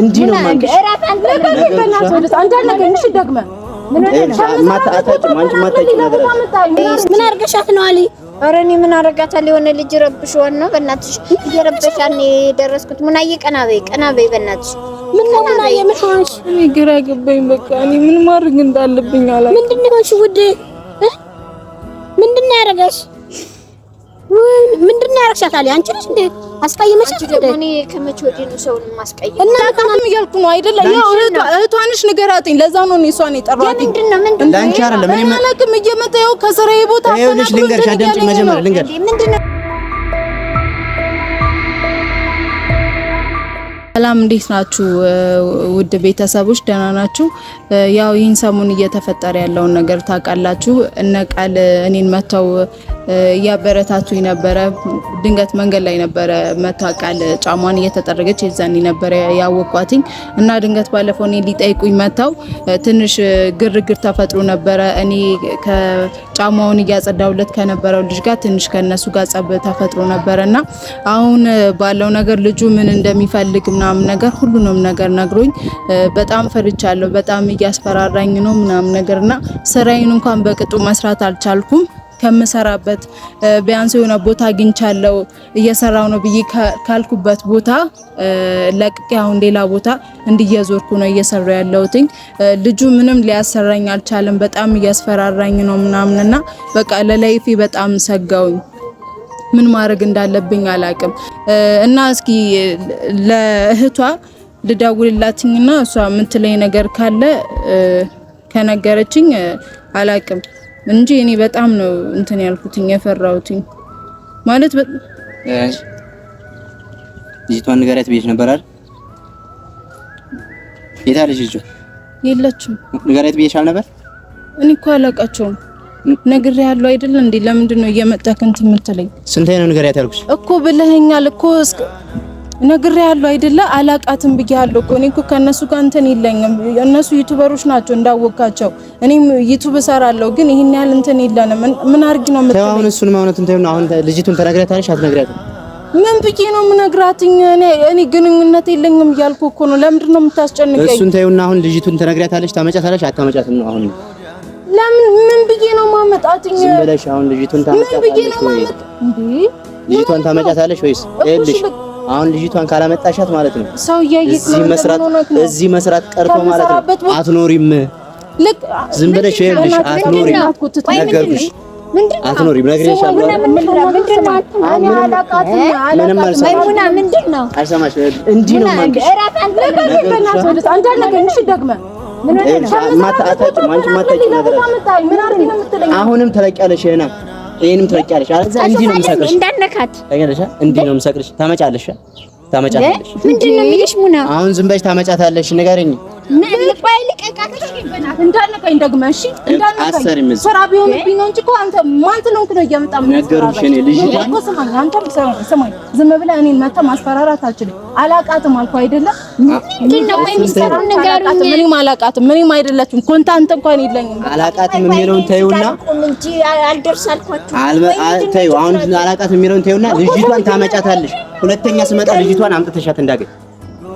እንዲህ ነው የማንግሽ። ምን አድርገሻት ነው አሊ? ኧረ እኔ ምን አደርጋታለሁ? የሆነ ልጅ ረብሽ ነው በእናትሽ እየረበሻን የደረስኩት። ሙናዬ ቀና በይ፣ ቀና በይ በእናትሽ። ምን ግራ ገባኝ። በቃ እኔ ምን ማድረግ እንዳለብኝ አላውቅም። ምንድን ነው የሆንሽ ውዴ? ምንድን ነው ያደረገሽ? ያረክሻታል? አለ። አንቺ ነሽ እንደ አስቀይመሻት እኔ ከመቼ ወዲህ ነው ሰውን ማስቀየም? እና ነው አይደለ? እህቷንሽ ንገራትኝ። ለዛ ነው እኔ እሷን የጠራኋት እንጂ ለአንቺ አይደለም። እኔ አላውቅም። ከስራዬ ቦታ ልንገርሽ፣ አዳምጪኝ መጀመሪያ ልንገርሽ ሰላም እንዴት ናችሁ? ውድ ቤተሰቦች ደህና ናችሁ? ያው ይህን ሰሞን እየተፈጠረ ያለውን ነገር ታውቃላችሁ። እነ ቃል እኔን መተው እያበረታቱ ነበረ። ድንገት መንገድ ላይ ነበረ መታ ቃል ጫሟን እየተጠረገች የዛኔ ነበረ ያወቋትኝ እና ድንገት ባለፈው እኔ ሊጠይቁኝ መተው ትንሽ ግርግር ተፈጥሮ ነበረ እኔ ጫማውን እያጸዳውለት ከነበረው ልጅ ጋር ትንሽ ከነሱ ጋር ጸብ ተፈጥሮ ነበረና አሁን ባለው ነገር ልጁ ምን እንደሚፈልግ ምናምን ነገር ሁሉንም ነገር ነግሮኝ በጣም ፈርቻለሁ። በጣም እያስፈራራኝ ነው ምናምን ነገርና ስራዬን እንኳን በቅጡ መስራት አልቻልኩም። ከምሰራበት ቢያንስ የሆነ ቦታ አግኝቻለሁ እየሰራው ነው ብዬ ካልኩበት ቦታ ለቅቄ አሁን ሌላ ቦታ እንድየዞርኩ ነው እየሰራ ያለሁትኝ። ልጁ ምንም ሊያሰራኝ አልቻለም። በጣም እያስፈራራኝ ነው ምናምንና በቃ ለላይፌ በጣም ሰጋውኝ። ምን ማድረግ እንዳለብኝ አላቅም እና እስኪ ለእህቷ ልደውልላትኝና እሷ የምትለኝ ነገር ካለ ከነገረችኝ አላቅም። እንጂ እኔ በጣም ነው እንትን ያልኩትኝ የፈራሁትኝ ማለት በ ልጅቷን ንገሪያት ብዬሽ ነበር አይደል? የታለች ልጅቷ? የለችም። ንገሪያት ብዬሽ አልነበር? እኔ እኮ አላውቃቸውም። ያለው አይደል እንዴ? ለምንድን ነው እየመጣህ እንትን የምትለኝ? ስንት ነው ንገሪያት ያልኩሽ እኮ ብለኸኛል እኮ ነግሬ ያለው አይደለ? አላቃትም ብዬ ያለው እኮ እኔ እኮ ከነሱ ጋር እንትን የለኝም። እነሱ ዩቲዩበሮች ናቸው እንዳወቃቸው። እኔም ዩቲዩብ እሰራለሁ፣ ግን ይሄን ያህል እንትን የለንም። ምን አርግ ነው የምትለው? አሁን እሱን ማውነት እንትን አሁን ልጅቱን ተናግራታለሽ? አትነግራትም? ምን ብዬ ነው የምነግራትኝ? እኔ እኔ ግንኙነት የለኝም እያልኩ እኮ ነው። ለምንድን ነው የምታስጨንቀኝ? እሱን ተይውና፣ አሁን ልጅቱን ተናግራታለሽ? ታመጫታለሽ? አታመጫትም ነው አሁን። ለምን ምን ብዬ ነው ማመጣትኝ? ዝም ብለሽ አሁን ልጅቱን ታመጫታለሽ? ምን ብዬ ነው ማመጣት? ልጅቷን ታመጫታለሽ ወይስ ይኸውልሽ አሁን ልጅቷን ካላመጣሻት ማለት ነው ሰው እዚህ መስራት እዚህ መስራት ቀርቶ ማለት ነው አትኖሪም። ልክ ዝም ብለሽ ይኸውልሽ አትኖሪም፣ ነገርኩሽ አትኖሪም ነግሬሻለሁ። እንዲህ ነው አሁንም ተለቅ ያለሽ ይሄንም ትበቂያለሽ። አዛ እንዲህ ነው የምሰቅልሽ፣ እንዳነካት ታገለሽ። እንዲህ ነው የምሰቅልሽ። ታመጫለሽ፣ ታመጫለሽ። ምንድን ነው የሚልሽ ሙና? አሁን ዝም በሽ ታመጫታለሽ። ንገረኝ ምን ልባይ ልቀቃት እሺ በእናትህ እንዳልነካኝ ደግመህ ዝም ብለህ እኔን መተህ ማስፈራራት አልችልም አላቃትም አልኩህ አይደለም ምንም አላቃትም ምንም አይደለችም ኮንታንት እንኳን የለኝም አላቃትም የሚለውን ተይውና እንጂ አሁን አላቃትም የሚለውን ተይውና ልጅቷን ታመጫታለሽ ሁለተኛ ስመጣ ልጅቷን አምጥተሻት እንዳገኝ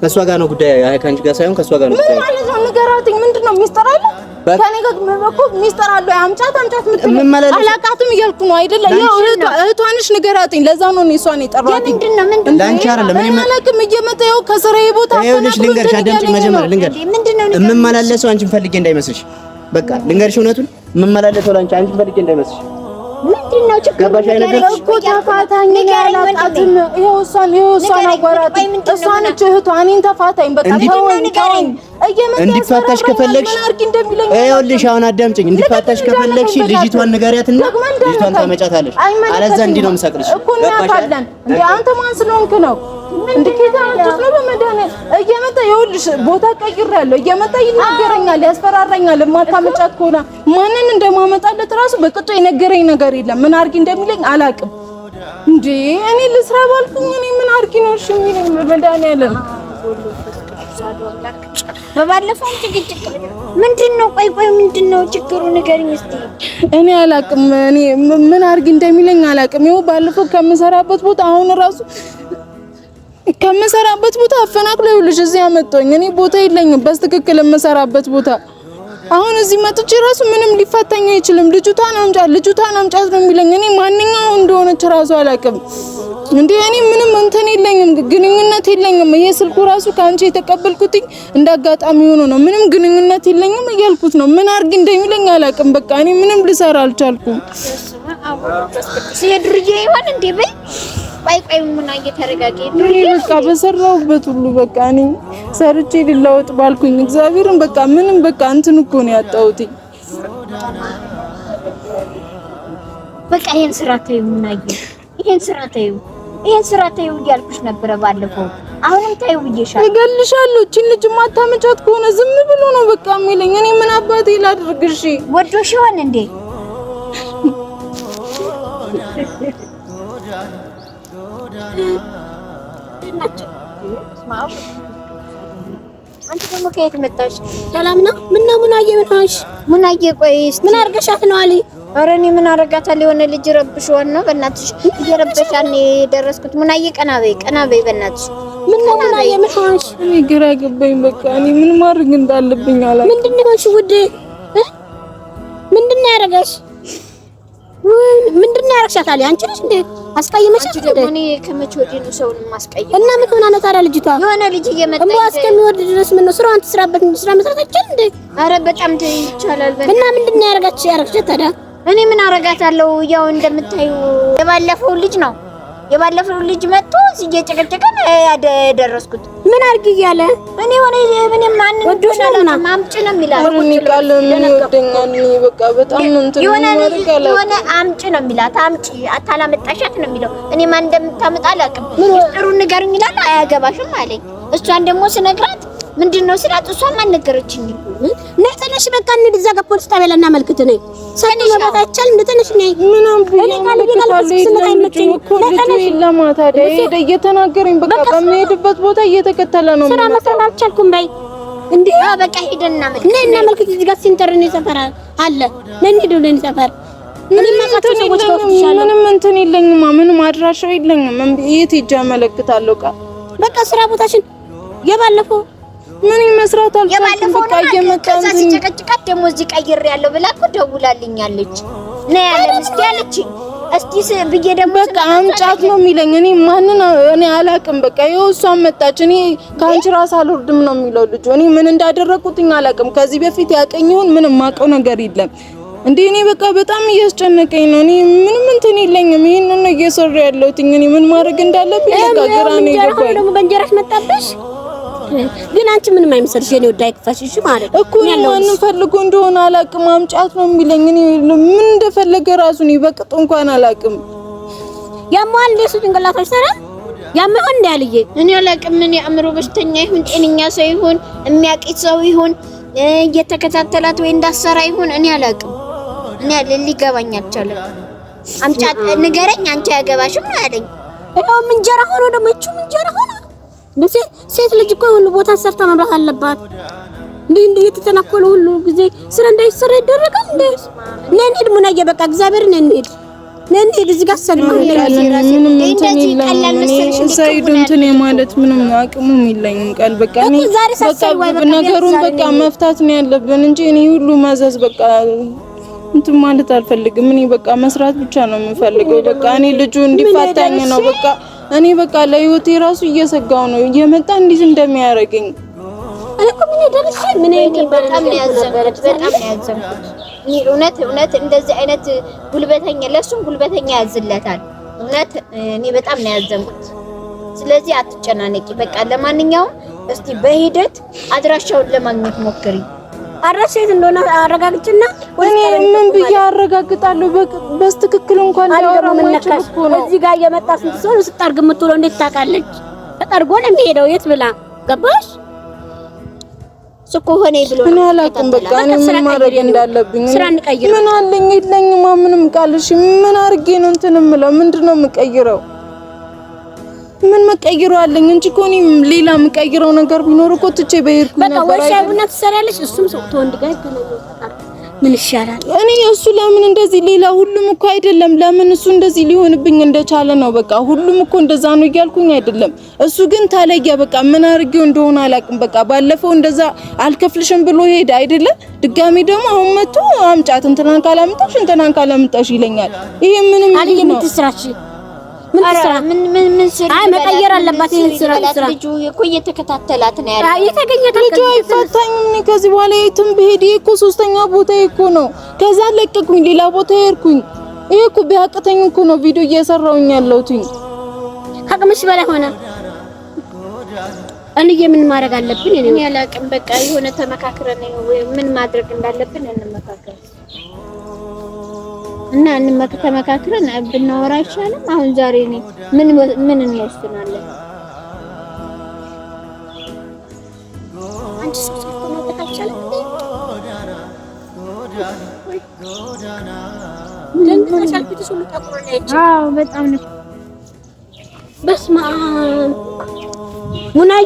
ከእሷ ጋር ነው ጉዳይ፣ ከአንቺ ጋር ሳይሆን ከእሷ ጋር ነው ጉዳይ። ምን ማለት ነው ንገራትኝ። ምንድን ነው ሚስጥር አለ? ከኔ ጋር እኮ ሚስጥር አለ። አምጫት አምጫት ምትል አላቃትም እያልኩ ነው አይደለ? ያው እህቷንሽ ንገራትኝ። ለዛ ነው እኔ እሷን የጠራሁት። ምንድን ነው ምንድን ነው ላንቺ አይደለም። እኔ እየመጣ ያው ከስራዬ ቦታ ይኸውልሽ፣ ልንገርሽ፣ አዳምጪኝ። መጀመሪያ ልንገርሽ፣ የምመላለሰው አንቺን ፈልጌ እንዳይመስልሽ። በቃ ልንገርሽ፣ እውነቱን የምመላለሰው ላንቺ አንቺን ፈልጌ እንዳይመስልሽ ምንድን ነው ችግር ተፋታኝ ያላቃትም ይኸው እሷን ይኸው እሷን አወራት እሷን እህቷ እኔን ተፋታኝ በቃ እንዲፋታሽ ከፈለግሽ ይኸውልሽ አሁን አዳምጪኝ እንዲፋታሽ ከፈለግሽ ልጅቷን ንገሪያትና ልጅቷን ታመጫታለሽ አለዛ እንዲህ ነው የምሰቅልሽ እኮ እናያታለን አንተ ማን ስለሆንክ ነው እንድከታ አንተስ ነው በመድኃኒዓለም ይኸውልሽ፣ ቦታ ቀይሬያለሁ። እየመጣ ይነገረኛል፣ ያስፈራራኛል። የማታመጫት ከሆነ ማንን እንደማመጣለት ራሱ በቅጡ የነገረኝ ነገር የለም። ምን አድርጊ እንደሚለኝ አላውቅም። እንዴ እኔ ልስራ ባልኩኝ እኔ ምን አድርጊ ነው እሺ የሚለኝ በመድኃኒዓለም። በባለፈው ጭቅጭቅ ምንድን ነው? ቆይ ቆይ ምንድን ነው ችግሩ? ንገሪኝ እስቲ። እኔ አላውቅም። እኔ ምን አድርጊ እንደሚለኝ አላውቅም። ይኸው ባለፈው ከምሰራበት ቦታ አሁን ራሱ ከምሰራበት ቦታ አፈናቅሎ ልጅ እዚህ አመጣኝ። እኔ ቦታ የለኝም በትክክል የምሰራበት ቦታ። አሁን እዚህ መጥቼ ራሱ ምንም ሊፈታኝ አይችልም። ልጅቷን አምጫት፣ ልጅቷን አምጫት ነው የሚለኝ። እኔ ማንኛው እንደሆነች ራሱ አላውቅም። እንዴ እኔ ምንም እንትን የለኝም፣ ግንኙነት የለኝም። ይሄ ስልኩ ራሱ ከአንቺ የተቀበልኩት እንዳጋጣሚ ሆኖ ነው። ምንም ግንኙነት የለኝም እያልኩት ነው። ምን አድርግ እንደሚለኝ አላውቅም። በቃ እኔ ምንም ልሰራ አልቻልኩም። ይሆን እንዴ በይ ቆይ ቆይ፣ ምን እየተረጋገ ምን በቃ በሰራሁበት ሁሉ በቃ እኔ ሰርቼ ልለወጥ ባልኩኝ እግዚአብሔርን በቃ ምንም በቃ እንትን እኮ ነው ያጣሁት። በቃ ይሄን ስራ ተይው፣ ምን ይሄን ስራ ተይው፣ ይሄን ስራ ተይው እያልኩሽ ነበረ ባለፈው። አሁንም ተይው ብዬሻለሁ። እገልሻለሁ። እቺን ልጅ ማታመጫት ከሆነ ዝም ብሎ ነው በቃ የሚለኝ። እኔ ምን አባቴ ላድርግሽ? ወዶሽ ይሆን እንዴ? አንቺ ደግሞ ከየት መጣሽ? ሰላም ነው። ምን ነው ሙናዬ? ምን ሆንሽ ሙናዬ? ቆይስ ምን አርገሻት ነው አሊ? ኧረ እኔ ምን አረጋታል? የሆነ ልጅ ረብሽዋን ነው። በእናትሽ እየረበሻን የደረስኩት ሙናዬ። ቀና በይ፣ ቀና በይ በእናትሽ። ምን ነው ሙናዬ? ምን ሆንሽ? እኔ ግራ ገባኝ። በቃ እኔ ምን ማድረግ እንዳለብኝ አላውቅም። ምንድን ነው የሆንሽ ውዴ? ምንድን ነው ያደረገሽ? ምንድን ነው ያደረግሻት አሊ? አንቺ ነሽ እንዴ አስቀይመሻል እንዴ? እኔ ከመቼ ወዲህ ነው ሰውን ማስቀይም? እና ምን ሆና ታዲያ ልጅቷ? የሆነ ልጅ እየመጣ እንዴ እስከሚወርድ ድረስ ምን ነው ስራውን ትስራበት እንጂ ስራ መስራት አይቻልም እንዴ? አረ በጣም ይቻላል። እና ምንድን ነው ያደረጋችሽ ያደረግሻት ታዲያ? እኔ ምን አረጋታለሁ? ያው እንደምታዩ የባለፈው ልጅ ነው የባለፈው ልጅ መጥቶ ጨቀጨቀ ያደ ያደረስኩት ምን አድርጊ እያለ እኔ ሆነ ምን ማን ወዶሻልና ማምጭ ነው የሚላት ቃል ምን ይወደኛል በቃ በጣም ነው እንትን የሆነ አምጭ ነው የሚላት አምጪ አታላመጣሻት ነው የሚለው እኔ ማን እንደምታመጣ አላውቅም ጥሩ ንገሩኝ ይላል አያገባሽም አለኝ እሷን ደግሞ ስነግራት ምንድን ነው ስላት፣ እሷም አልነገረችኝም። ነይ ተነሽ፣ በቃ እንሂድ እዛ ጋር ፖሊስ ጣቢያ ላናመልክት። ነይ ሰኒ መባት አይቻልም። ነይ ተነሽ። ነይ ምንም ቢሆን እየተናገረኝ በቃ በሚሄድበት ቦታ እየተከተለ ነው። ስራ መስራት አልቻልኩም። በይ እንዴ፣ በቃ ሄደን እናመልክት። ነይ እናመልክት። እዚህ ጋር ሲንተር ነው ሰፈር አለ። ነይ እንሂድ ብለን ሰፈር ምንም እንትን የለኝማ፣ ምንም አድራሻው የለኝም። የት ሂጅ አመለክታለሁ። በቃ ስራ ቦታሽን የባለፈው ምን መስራት አልቻልኩም። በቃ እየመጣን ነው። ሲጨቀጭቃት ደግሞ እዚህ ቀይሬ ያለው ብላ እኮ ደውላልኛለች። ነይ ያለ እስቲ አለችኝ። እስቲ ብዬ ደግሞ በቃ አምጫት ነው የሚለኝ። እኔ ማንን እኔ አላቅም። በቃ ይኸው እሷን መጣች። እኔ ከአንቺ ራስ አልወርድም ነው የሚለው ልጁ። እኔ ምን እንዳደረኩትኝ አላቅም። ከዚህ በፊት ያቀኝሁን ምንም ማቀው ነገር የለም። እንዴ እኔ በቃ በጣም እያስጨነቀኝ ነው። እኔ ምንም እንትን የለኝም። ይሄንን ነው እየሰሩ ያለሁት። እኔ ምን ማድረግ እንዳለብኝ በቃ ግራ ነው የገባኝ። ደግሞ በእንጀራሽ መጣብሽ ግን አንቺ ምንም አይመስልሽ የኔ ወዳይ ክፋሽ እሺ ማለት እኮ ማንም ፈልጎ እንደሆነ አላቅም ማምጫት ነው የሚለኝ እኔ ምን እንደፈለገ ራሱ ነው በቅጡ እንኳን አላቅም ያማል ለሱ ጭንቅላቶች ሰራ ያማው እንዳልዬ እኔ አላቅም ምን የአእምሮ በሽተኛ ይሁን ጤነኛ ሰው ይሁን የሚያቂት ሰው ይሁን እየተከታተላት ወይ እንዳሰራ ይሁን እኔ አላቅም እኔ ሊገባኝ አልቻለም አምጫት ንገረኝ አንቺ ያገባሽም አለኝ እንጀራ ሆኖ ደግሞ ይችም እንጀራ ሴት ልጅ እኮ ሁሉ ቦታ ሰርታ መብላት አለባት። እንዴ እንዴ እየተተናኮሉ ሁሉ ጊዜ ስራ እንዳይሰራ ይደረጋል። እንዴ ነን ሄድ ሙናዬ፣ በቃ እግዚአብሔር ነን ሄድ ነን ሄድ እዚህ ጋር ሰልማ እንትን የማለት ምንም አቅሙም የለኝም። ቃል በቃ እኔ በቃ ነገሩን በቃ መፍታት ነው ያለብን እንጂ እኔ ሁሉ ማዘዝ በቃ እንትን ማለት አልፈልግም። እኔ በቃ መስራት ብቻ ነው የምፈልገው። በቃ እኔ ልጁ እንዲፋታኝ ነው በቃ እኔ በቃ ለህይወቴ ራሱ እየሰጋው ነው እየመጣ እንዴት እንደሚያደርገኝ እኮ ምን ደረሰ ምን አይነት በጣም ነው በጣም ነው ያዘንኩት እውነት እውነት እንደዚህ አይነት ጉልበተኛ ለሱም ጉልበተኛ ያዝለታል እውነት እኔ በጣም ነው ያዘንኩት ስለዚህ አትጨናነቂ በቃ ለማንኛውም እስቲ በሂደት አድራሻውን ለማግኘት ሞክሪ አድራሽ የት እንደሆነ አረጋግጭና እኔ ምን ብዬ አረጋግጣለሁ? በስትክክል እንኳን ሊያወራ ማይችል እኮ ነው። እዚህ ጋር እየመጣ ስንት ሰው ስጠርግ የምትውለው እንዴት ታውቃለች? ተጠርጎ ነው የሚሄደው። የት ብላ ገባሽ? ስኮ ሆኔ ብሎ ምን አላውቅም። በቃ እኔ ምን ማድረግ እንዳለብኝ ስራ እንቀይር ምን አለኝ የለኝማ ምንም ቃልሽ ምን አድርጌ ነው እንትን እምለው ምንድን ነው የምቀይረው? ምን መቀይሮ አለኝ እንጂ እኮ እኔም ሌላ የምቀይረው ነገር ቢኖር እኮ ትቼ በሄድኩ ነበር። በቃ ወይ ሻይ ቡና ትሰሪያለሽ፣ እሱም ሰው ተወንድ ጋር ምን ይሻላል? እኔ እሱ ለምን እንደዚህ ሌላ ሁሉም እኮ አይደለም። ለምን እሱ እንደዚህ ሊሆንብኝ እንደቻለ ነው። በቃ ሁሉም እኮ እንደዛ ነው እያልኩኝ አይደለም። እሱ ግን ታለያ በቃ ምን አድርጌው እንደሆነ አላውቅም። በቃ ባለፈው እንደዛ አልከፍልሽም ብሎ ሄደ አይደለም። ድጋሚ ደግሞ አሁን መጥቶ አምጫት እንትናን ካላምጣሽ እንትናን ካላምጣሽ ይለኛል። ይሄ ምንም መቀየር አለባት። ይሄን ስራ ልጁ እኮ ከዚህ በኋላ የትም ብሄድ እኮ ሶስተኛ ቦታ እኮ ነው። ከዛ ለቀቁኝ፣ ሌላ ቦታ ሄድኩኝ። ይሄ እኮ ቢያቅተኝ እኮ ነው ቪዲዮ እየሰራሁኝ ያለሁትኝ። አቅምሽ በላይ ሆነ። እንዬ ምን ማድረግ አለብን? እኔ አላቅም። በቃ የሆነ ተመካክረን ምን ማድረግ እንዳለብን እንመካከር። እና እንመክ ተመካክረን ብናወራ አይቻልም? አሁን ዛሬ እኔ ምን ምን የሚያስተናለን በጣም ሙናዬ፣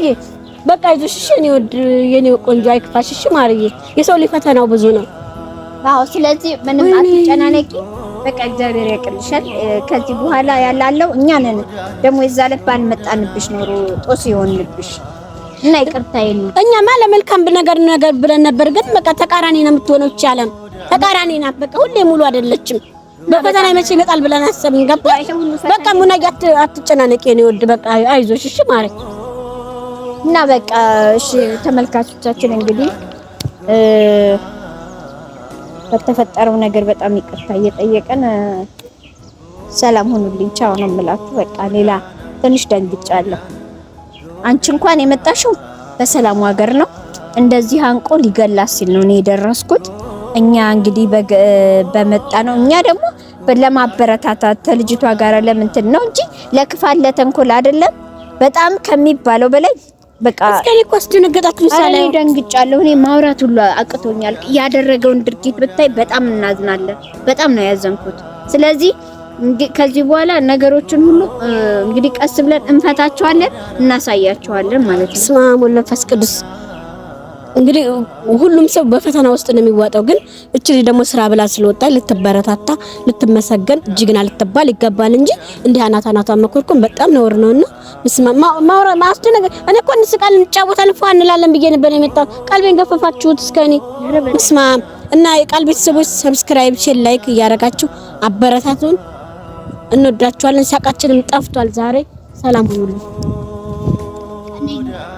በቃ ይዞሽ እሺ፣ የኔ ወድ የኔ ቆንጆ አይክፋሽ፣ እሺ ማርዬ። የሰው ልጅ ፈተናው ብዙ ነው። አዎ ስለዚህ ምንም አትጨናነቂ። በቃ እግዚአብሔር ያቅልሻል። ከዚህ በኋላ ያላለው እኛ ነን። ደግሞ የዛ ዕለት ባንመጣንብሽ ኖሮ ጦስ ይሆንብሽ እና ይቅርታ ይሉ እኛማ ለመልካም ነገር ነገር ብለን ነበር። ግን በቃ ተቃራኒ ነው የምትሆነው። ይቻለም ተቃራኒ ናት። በቃ ሁሌ ሙሉ አይደለችም። በፈተና መቼ ይመጣል ብለን አሰብን። ገባ በቃ ሙናዬ፣ አትጨናነቂ የኔ ወድ። በቃ አይዞሽ እሺ ማለት እና በቃ እሺ ተመልካቾቻችን እንግዲህ በተፈጠረው ነገር በጣም ይቅርታ እየጠየቀን ሰላም ሁኑልኝ፣ ቻው ነው የምላችሁ። በቃ ሌላ ትንሽ ደንግጫለሁ። አንቺ እንኳን የመጣሽው በሰላሙ ሀገር ነው። እንደዚህ አንቆ ሊገላ ሲል ነው እኔ የደረስኩት። እኛ እንግዲህ በመጣ ነው እኛ ደግሞ ለማበረታታት ተልጅቷ ጋር ለምንትን ነው እንጂ ለክፋት ለተንኮል አይደለም። በጣም ከሚባለው በላይ በቃ እስከኔ እኮ አስደነገጣችሁ። ሳላ እኔ ደንግጫለሁ። እኔ ማውራት ሁሉ አቅቶኛል። ያደረገውን ድርጊት ብታይ በጣም እናዝናለን። በጣም ነው ያዘንኩት። ስለዚህ ከዚህ በኋላ ነገሮችን ሁሉ እንግዲህ ቀስ ብለን እንፈታቸዋለን፣ እናሳያቸዋለን ማለት ነው። ስማሙ አብ ቅዱስ እንግዲህ ሁሉም ሰው በፈተና ውስጥ ነው የሚዋጣው። ግን እቺ ደግሞ ስራ ብላ ስለወጣ ልትበረታታ፣ ልትመሰገን፣ ጀግና ልትባል ይገባል እንጂ እንዲህ አናት አናቷ መኮርኮን በጣም ነውር ነውና ምስማ ማውራ ነገር እኔ እኮ እንስቃለን፣ እንጫወታለን፣ ፏ እንላለን ብዬ ነበር የመጣው። ቀልቤን ገፈፋችሁት እስከ እኔ ምስማ እና የቃል ቤተሰቦች ሰብስክራይብ፣ ሼር፣ ላይክ እያረጋችሁ አበረታቱን። እንወዳችኋለን። ሳቃችንም ጠፍቷል ዛሬ። ሰላም ሁኑልኝ።